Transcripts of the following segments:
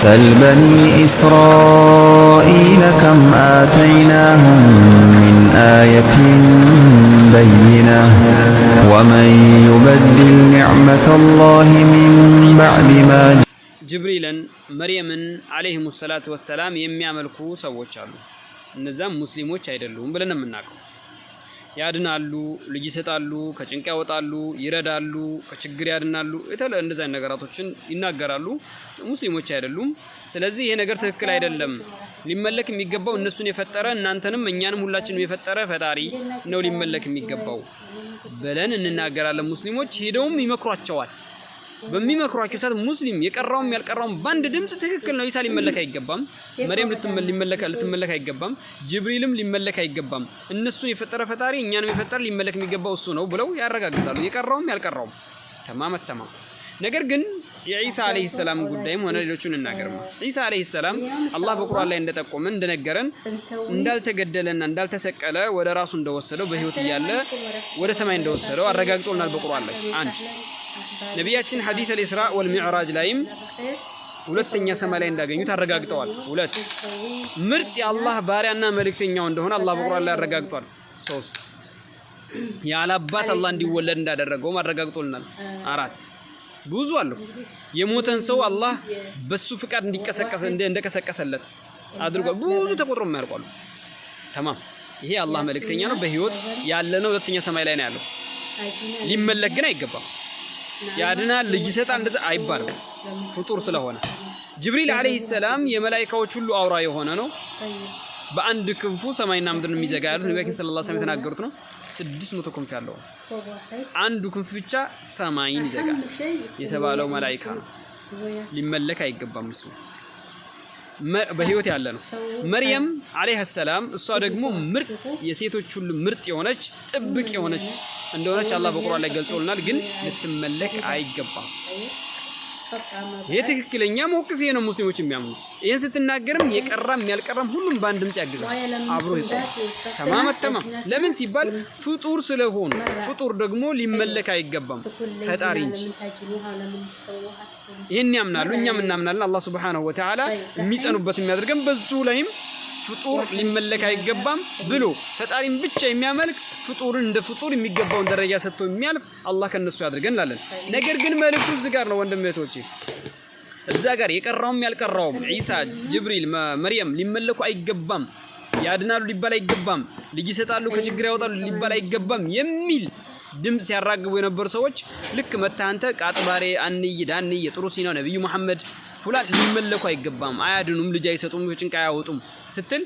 سل بني إسرائيل كم آتيناهم من آية بينة ومن يبدل نعمة الله من بعد ما ጅብሪልን መርየምን አለይሂም ሰላቱ ወሰላም የሚያመልኩ ሰዎች አሉ። እነዛም ሙስሊሞች አይደሉም ብለን የምናውቀው ያድናሉ፣ ልጅ ይሰጣሉ፣ ከጭንቅ ያወጣሉ፣ ይረዳሉ፣ ከችግር ያድናሉ፣ የተለ እንደዚያ ነገራቶችን ይናገራሉ። ሙስሊሞች አይደሉም። ስለዚህ ይሄ ነገር ትክክል አይደለም። ሊመለክ የሚገባው እነሱን የፈጠረ እናንተንም እኛንም ሁላችንም የፈጠረ ፈጣሪ ነው ሊመለክ የሚገባው ብለን እንናገራለን። ሙስሊሞች ሄደውም ይመክሯቸዋል። በሚመክሯቸው ሰዓት ሙስሊም የቀራውም ያልቀራውም በአንድ ድምፅ ትክክል ነው። ኢሳ ሊመለክ አይገባም። መርየም ልትመለክ አይገባም። ጅብሪልም ሊመለክ አይገባም። እነሱን የፈጠረ ፈጣሪ እኛንም የፈጠረ ሊመለክ የሚገባው እሱ ነው ብለው ያረጋግጣሉ። የቀራውም ያልቀራውም ተማመ ተማም። ነገር ግን የኢሳ አለይሂ ሰላም ጉዳይም ሆነ ሌሎቹን እናገርም። ኢሳ አለይሂ ሰላም አላህ በቁርአን ላይ እንደጠቆመን እንደነገረን እንዳልተገደለና እንዳልተሰቀለ ወደ ራሱ እንደወሰደው በህይወት እያለ ወደ ሰማይ እንደወሰደው አረጋግጦልናል በቁርአን ላይ አንድ ነቢያችን ሐዲስ አልኢስራ ወልሚዕራጅ ላይም ሁለተኛ ሰማይ ላይ እንዳገኙት አረጋግጠዋል። ሁለት ምርጥ የአላህ ባሪያና መልእክተኛው እንደሆነ አላህ በቁርአን ላይ አረጋግጧል። ሶስት ያለ አባት አላህ እንዲወለድ እንዳደረገውም አረጋግጦልናል። አራት ብዙ አለው። የሞተን ሰው አላህ በሱ ፍቃድ እንዲቀሰቀሰ እንደቀሰቀሰለት አድርጓል። ብዙ ተቆጥሮ የማያልቋሉ። ተማም ይሄ አላህ መልእክተኛ ነው። በህይወት ያለ ነው። ሁለተኛ ሰማይ ላይ ነው ያለው። ሊመለክ ግን አይገባም። ያድናል፣ ይሰጣል፣ እንደዛ አይባልም። ፍጡር ስለሆነ ጅብሪል አለይሂ ሰላም የመላኢካዎች ሁሉ አውራ የሆነ ነው። በአንድ ክንፉ ሰማይና ምድርን የሚዘጋ ያሉት ነቢያችን ሰለላሁ ዐለይሂ ወሰለም የተናገሩት ነው። ስድስት መቶ ክንፍ ያለው አንዱ ክንፍ ብቻ ሰማይን ይዘጋል የተባለው መላኢካ ነው። ሊመለክ አይገባም እሱ በህይወት ያለ ነው። መርየም አለይሃ ሰላም እሷ ደግሞ ምርጥ የሴቶች ሁሉ ምርጥ የሆነች ጥብቅ የሆነች እንደሆነች አላህ በቁርአን ላይ ገልጾልናል። ግን ልትመለክ አይገባም። የትክክለኛ ትክክለኛ ይሄ ነው። ሙስሊሞች የሚያምኑት ይህን ስትናገርም የቀራም ያልቀራም ሁሉም በአንድ ድምጽ ያግዛል፣ አብሮ ይቆማል። ተማም ለምን ሲባል ፍጡር ስለሆኑ፣ ፍጡር ደግሞ ሊመለክ አይገባም ፈጣሪ እንጂ። ይህን ያምናሉ፣ እኛም እናምናለን። አላህ ሱብሓነሁ ወተዓላ የሚጸኑበት የሚያደርገን በዙ ላይም ፍጡር ሊመለክ አይገባም ብሎ ፈጣሪን ብቻ የሚያመልክ ፍጡርን እንደ ፍጡር የሚገባውን ደረጃ ሰጥቶ የሚያልፍ አላህ ከነሱ ያድርገን እንላለን። ነገር ግን መልእክቱ እዚህ ጋር ነው ወንድም እህቶቼ፣ እዛ ጋር የቀራውም ያልቀራውም ዒሳ፣ ጅብሪል፣ መርየም ሊመለኩ አይገባም ያድናሉ ሊባል አይገባም፣ ልጅ ይሰጣሉ ከችግር ያወጣሉ ሊባል አይገባም የሚል ድምፅ ሲያራግቡ የነበሩ ሰዎች ልክ መታንተ አንተ ቃጥባሬ አንይ ዳንይ ጥሩ ሲና ነብዩ መሐመድ ፉላን ሊመለኩ አይገባም፣ አያድኑም፣ ልጅ አይሰጡም፣ ጭንቃ አያወጡም ስትል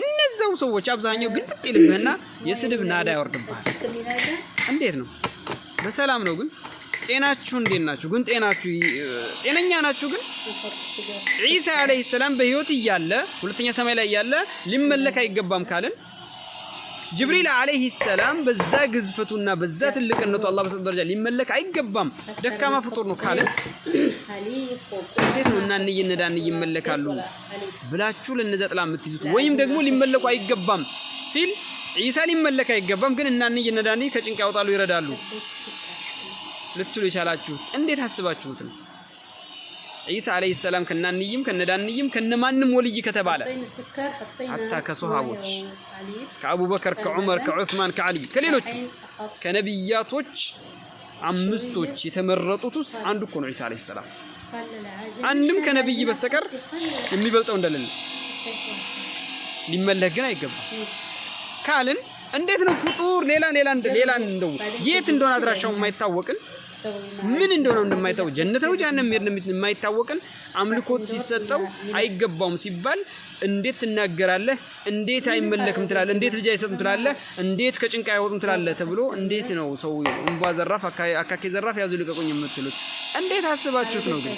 እነዛው ሰዎች አብዛኛው ግን ጥጥ ይልብህና የስድብ ናዳ ያወርድብሃል። እንዴት ነው? በሰላም ነው ግን ጤናችሁ እንዴት ናችሁ? ግን ጤናችሁ ጤነኛ ናችሁ? ግን ዒሳ አለይሂ ሰላም በህይወት እያለ ሁለተኛ ሰማይ ላይ እያለ ሊመለክ አይገባም ካልን ጅብሪል አለይሂ ሰላም በዛ ግዝፈቱና በዛ ትልቅነቱ አላህ በሰጠው ደረጃ ሊመለክ አይገባም፣ ደካማ ፍጡር ነው ካለ እንዴት ነው እና እንይ እነዳን ይመለካሉ ብላችሁ ለነዛ ጥላ የምትይዙት ወይም ደግሞ ሊመለኩ አይገባም ሲል ዒሳ ሊመለክ አይገባም ግን እና እንይ እነዳን ከጭንቅ ያወጣሉ ይረዳሉ ልትሉ የቻላችሁት እንዴት አስባችሁት ነው? ዒሳ ዓለይሂ ሰላም ከናንይም ከነዳንይም ከነማንም ወልይ ከተባለ ሐታ ከሶሃቦች ከአቡበከር፣ ከዑመር፣ ከዑስማን፣ ከዓሊ ከሌሎቹ ከነቢያቶች አምስቶች የተመረጡት ውስጥ አንዱ እኮ ነው ዒሳ ዓለይሂ ሰላም። አንድም ከነብይ በስተቀር የሚበልጠው እንደሌለ ሊመለክ ግን አይገባም ካልን እንዴት ነው ፍጡር ሌላ ሌላ ሌላ እንደው የት እንደሆነ አድራሻው የማይታወቅን ምን እንደሆነ እንደማይታወቅ ጀነት ነው ጃሃንም የማይታወቅን አምልኮት ሲሰጠው አይገባውም ሲባል እንዴት ትናገራለህ? እንዴት አይመለክም ትላለህ? እንዴት ልጅ አይሰጥም ትላለህ? እንዴት ከጭንቃ አይወጡም ትላለህ? ተብሎ እንዴት ነው ሰው እንቧ ዘራፍ አካኬ ዘራፍ ያዙ ልቀቁኝ የምትሉት? እንዴት አስባችሁት ነው ግን?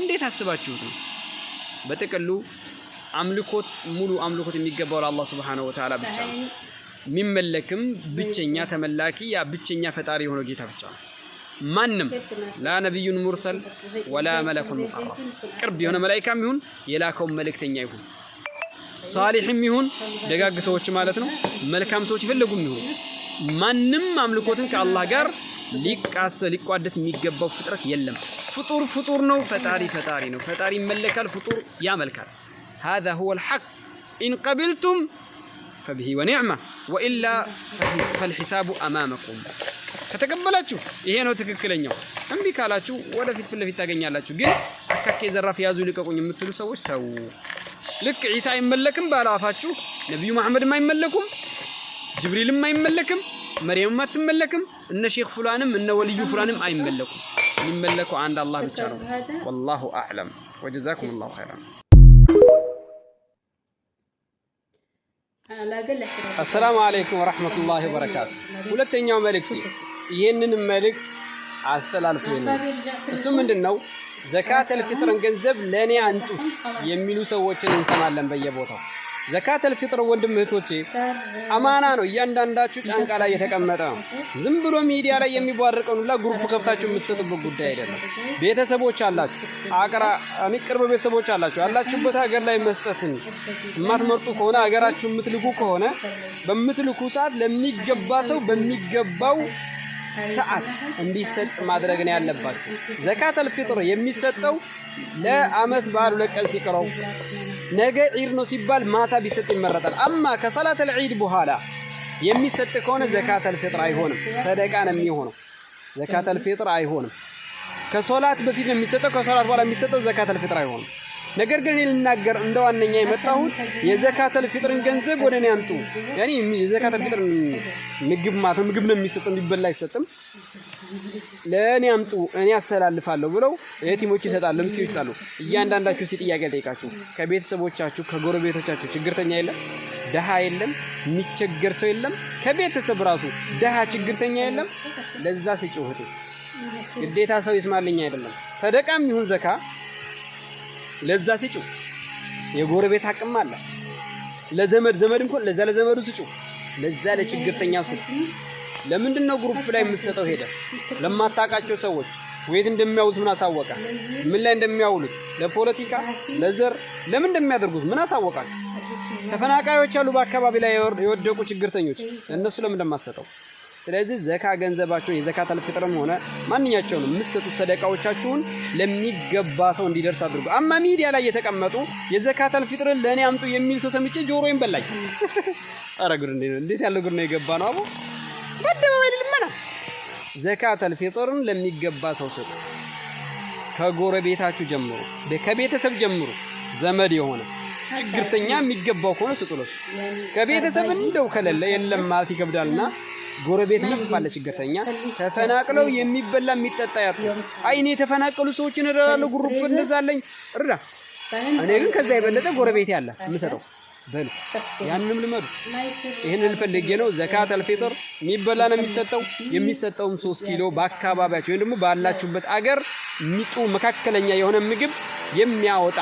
እንዴት አስባችሁት ነው? በጥቅሉ አምልኮት ሙሉ አምልኮት የሚገባው ለአላህ ሱብሓነሁ ወተዓላ ብቻ ነው። የሚመለክም ብቸኛ ተመላኪ ያ ብቸኛ ፈጣሪ የሆነው ጌታ ብቻ ነው። ማንም ላ ነቢዩን ሙርሰል ወላ መለኩን ሙቀረብ ቅርብ የሆነ መላይካም ይሁን የላከውን መልእክተኛ ይሁን ሳሊሕም ይሁን ደጋግ ሰዎች ማለት ነው። መልካም ሰዎች ይፈልጉም ይሁን ማንም አምልኮትን ከአላህ ጋር ሊቃሰ ሊቋደስ የሚገባው ፍጥረት የለም። ፍጡር ፍጡር ነው፣ ፈጣሪ ፈጣሪ ነው። ፈጣሪ ይመለካል፣ ፍጡር ያመልካል። ሀዛ ሁወል ሐቅ ኢን ቀቢልቱም ፈብሂ ወኒዕማ ወኢላ ፈልሒሳቡ አማመኩም። ከተቀበላችሁ ይሄ ነው ትክክለኛው። እምቢ ካላችሁ ወደፊት ፊት ለፊት ታገኛላችሁ። ግን አካኬ ዘራፍ ያዙ ልቀቁኝ የምትሉ ሰዎች ሰው ልክ ዒሳ አይመለክም ባለ አፋችሁ ነቢዩ መሐመድም አይመለኩም፣ ጅብሪልም አይመለክም፣ መርየምም አትመለክም፣ እነ ሼክ ፉላንም እነ ወልዩ ፉላንም አይመለኩም። የሚመለከው አንድ አላህ ብቻ ነው። ወላሁ አዕለም ወጀዛኩም ላሁ ኸይራን አሰላሙ አለይኩም ወራህመቱላሂ ወበረካቱ። ሁለተኛው መልእክት ይህንን መልእክት አስተላልፉ። እሱ ምንድን ነው? ዘካተል ፊጥርን ገንዘብ ለእኔ አንጡት የሚሉ ሰዎችን እንሰማለን በየቦታው ዘካተል ፊጥር ወንድም እህቶቼ አማና ነው። እያንዳንዳችሁ ጫንቃ ላይ የተቀመጠ ነው። ዝም ብሎ ሚዲያ ላይ የሚቧርቀውን ሁላ ግሩፕ ከፍታችሁ የምትሰጡበት ጉዳይ አይደለም። ቤተሰቦች አላችሁ፣ አቅራ ቅርብ ቤተሰቦች አላችሁ። ያላችሁበት ሀገር ላይ መስጠትን የማትመርጡ ከሆነ ሀገራችሁ የምትልኩ ከሆነ በምትልኩ ሰዓት ለሚገባ ሰው በሚገባው ሰዓት እንዲሰጥ ማድረግ ነው ያለባችሁ። ዘካተል ፊጥር የሚሰጠው ለአመት በዓል ሁለት ቀን ሲቀረው ነገ ዒድ ነው ሲባል ማታ ቢሰጥ ይመረጣል። አማ ከሰላት ዒድ በኋላ የሚሰጥ ከሆነ ዘካተል ፊጥር አይሆንም፣ ሰደቃ ነው የሚሆነው። ዘካተል ፊጥር አይሆንም። ከሶላት በፊት ነው የሚሰጠው፣ ከሶላት በኋላ የሚሰጠው ዘካተል ፊጥር አይሆንም። ነገር ግን እኔ ልናገር እንደ ዋነኛ የመጣሁት የዘካተል ፊጥርን ገንዘብ ወደ እኔ አምጡ። ያኔ የዘካተል ፊጥር ምግብ ማለት ነው፣ ምግብ ነው የሚሰጠው፣ እንዲበላ አይሰጥም። ለእኔ አምጡ እኔ አስተላልፋለሁ ብለው የቲሞች ይሰጣሉ፣ ለምስኪኖች ይሰጣሉ። እያንዳንዳችሁ እስኪ ጥያቄ ልጠይቃችሁ። ከቤተሰቦቻችሁ ከጎረቤቶቻችሁ ችግርተኛ የለም፣ ደሃ የለም፣ የሚቸገር ሰው የለም። ከቤተሰብ ራሱ ደሃ ችግርተኛ የለም። ለዛ ስጪ ግዴታ ሰው ይስማልኝ አይደለም፣ ሰደቃም ይሁን ዘካ ለዛ ስጩ። የጎረቤት አቅም አለ። ለዘመድ ዘመድ እንኳን ለዛ ለዘመዱ ስጩ። ለዛ ለችግርተኛ ስጩ። ለምንድን ነው ግሩፕ ላይ የምትሰጠው? ሄደ ለማታውቃቸው ሰዎች ወይት እንደሚያውሉት ምን አሳወቃ? ምን ላይ እንደሚያውሉት ለፖለቲካ፣ ለዘር ለምን እንደሚያደርጉት ምን አሳወቃል? ተፈናቃዮች አሉ በአካባቢ ላይ የወደቁ ችግርተኞች፣ እነሱ ለምን እንደማሰጠው። ስለዚህ ዘካ ገንዘባቸውን የዘካ ፍጥርም ሆነ ማንኛቸውን የምትሰጡ ሰደቃዎቻችሁን ለሚገባ ሰው እንዲደርስ አድርጉ። አማ ሚዲያ ላይ የተቀመጡ የዘካ ፍጥርን ለእኔ አምጡ የሚል ሰው ሰምቼ ጆሮዬን በላኝ። ኧረ ጉድ! እንዴት ያለ ጉድ ነው የገባ ነው አቦ በአደባባይ ልመና ዘካተል ፊጥርን ለሚገባ ሰው ስጡ። ከጎረቤታችሁ ጀምሩ፣ ከቤተሰብ ጀምሩ። ዘመድ የሆነ ችግርተኛ የሚገባው ከሆነ ስጡ። ለሱ ከቤተሰብ እንደው ከሌለ የለም ማለት ይከብዳልና ጎረቤት ነው ባለ ችግርተኛ ተፈናቅለው የሚበላ የሚጠጣ ያጡ። አይ እኔ የተፈናቀሉ ሰዎችን እረዳለሁ፣ ጉሩብ እንደዛለኝ እርዳ። እኔ ግን ከዛ የበለጠ ጎረቤት ያለ የምሰጠው በል ያንንም ልመዱ። ይህንን ፈልጌ ነው። ዘካተል ፊጥር የሚበላን የሚሰጠው የሚሰጠውም ሶስት ኪሎ በአካባቢያቸው ወይም ደግሞ ባላችሁበት አገር ሚጡ መካከለኛ የሆነ ምግብ የሚያወጣ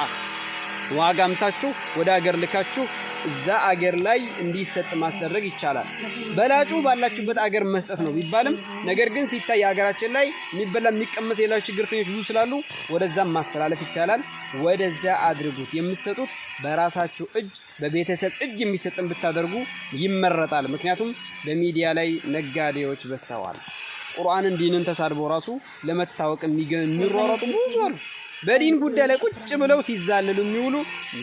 ዋጋምታችሁ ወደ አገር ልካችሁ እዛ አገር ላይ እንዲሰጥ ማስደረግ ይቻላል። በላጩ ባላችሁበት አገር መስጠት ነው ቢባልም ነገር ግን ሲታይ አገራችን ላይ የሚበላ የሚቀመስ የሌላቸው ችግርተኞች ብዙ ስላሉ ወደዛም ማስተላለፍ ይቻላል። ወደዛ አድርጉት። የምትሰጡት በራሳችሁ እጅ በቤተሰብ እጅ የሚሰጥን ብታደርጉ ይመረጣል። ምክንያቱም በሚዲያ ላይ ነጋዴዎች በዝተዋል። ቁርአንን ዲንን ተሳድበው ራሱ ለመታወቅ የሚሯሯጡ ብዙ አሉ። በዲን ጉዳይ ላይ ቁጭ ብለው ሲዛለሉ የሚውሉ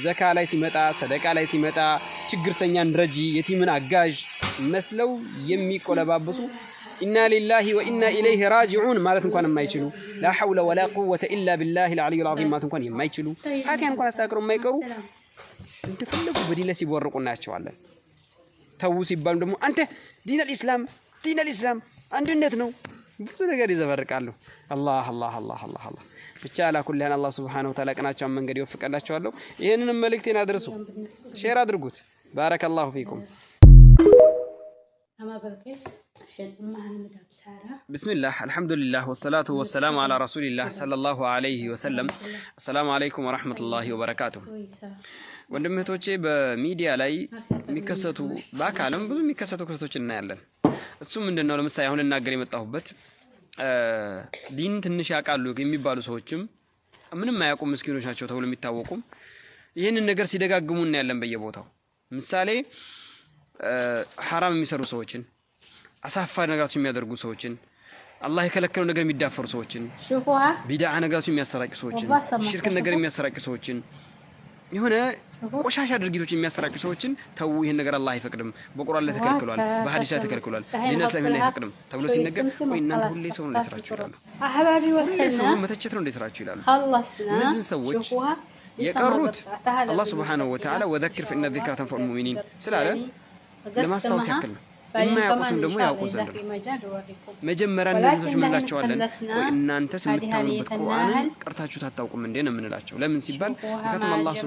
ዘካ ላይ ሲመጣ ሰደቃ ላይ ሲመጣ ችግርተኛን ረጂ፣ የቲምን አጋዥ መስለው የሚቆለባብሱ ኢና ሊላሂ ወኢና ኢለይሂ ራጂዑን ማለት እንኳን የማይችሉ ላ ሐውለ ወላ ቁወተ ኢላ ቢላሂ አልዓሊዩል ዐዚም ማለት እንኳን የማይችሉ ኃጢአት እንኳን አስተካክለው የማይቀሩ እንደፈለጉ በዲን ላይ ሲቦርቁ እናያቸዋለን። ተዉ ሲባሉ ደግሞ አንተ ዲን አልኢስላም ዲን አልኢስላም አንድነት ነው ብዙ ነገር ይዘበርቃሉ። አላህ አላህ አላህ አላህ አላህ ብቻ አላኩልህን አላህ ሱብሓነሁ ወተዓላ ቀናቸውን መንገድ ይወፍቀላቸዋለሁ። ይህንንም መልእክቴን አድርሱ፣ ሼር አድርጉት። ባረከላሁ ፊኩም። ብስሚላህ አልሐምዱሊላህ ወሰላቱ ወሰላሙ አላ ረሱሊላህ ሰለላሁ አለይህ ወሰለም። አሰላሙ አለይኩም ወረሕመቱላሂ ወበረካቱሁ ወንድም እህቶቼ በሚዲያ ላይ የሚከሰቱ በአካልም ብዙ የሚከሰቱ ክስተቶች እናያለን። እሱ ምንድን ነው? ለምሳሌ አሁን ልናገር የመጣሁበት ዲን ትንሽ ያውቃሉ የሚባሉ ሰዎችም ምንም አያውቁም ምስኪኖች ናቸው ተብሎ የሚታወቁም ይህንን ነገር ሲደጋግሙ እናያለን በየቦታው። ምሳሌ ሀራም የሚሰሩ ሰዎችን፣ አሳፋሪ ነገራቶች የሚያደርጉ ሰዎችን፣ አላህ የከለከለው ነገር የሚዳፈሩ ሰዎችን፣ ቢድዓ ነገራቶች የሚያሰራቂ ሰዎችን፣ ሽርክ ነገር የሚያሰራቂ ሰዎችን የሆነ ቆሻሻ ድርጊቶች የሚያሰራጩ ሰዎችን ተው፣ ይህን ነገር አላህ አይፈቅድም፣ በቁርአን ላይ ተከልክሏል፣ በሀዲስ ላይ ተከልክሏል፣ ዲን እስላም ላይ አይፈቅድም ተብሎ ሲነገር ወይ እናንተ ሁሌ ሰው ነው ስራችሁ ይላሉ። ሁሌ ሰው መተቸት ነው እንደ ስራችሁ ይላሉ። እነዚህን ሰዎች የቀሩት አላህ ሱብሓነሁ ወተዓላ ወዘክር ፈኢነ ዚክራ ተንፈዑል ሙእሚኒን ስላለ ለማስታወስ ያክል ነው። የማያውቁትም ደግሞ ያውቁ ዘንድ ነው። መጀመሪያ እነዚህ ሰዎች ምንላቸዋለን? ወይ እናንተስ የምታምኑበት ቁርአንን ቀርታችሁ ታታውቁም እንዴ ነው የምንላቸው። ለምን ሲባል ምክንያቱም አላህ